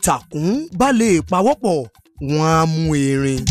ìtàkùn bá lè pawọ́pọ̀ wọ́n á mú erin.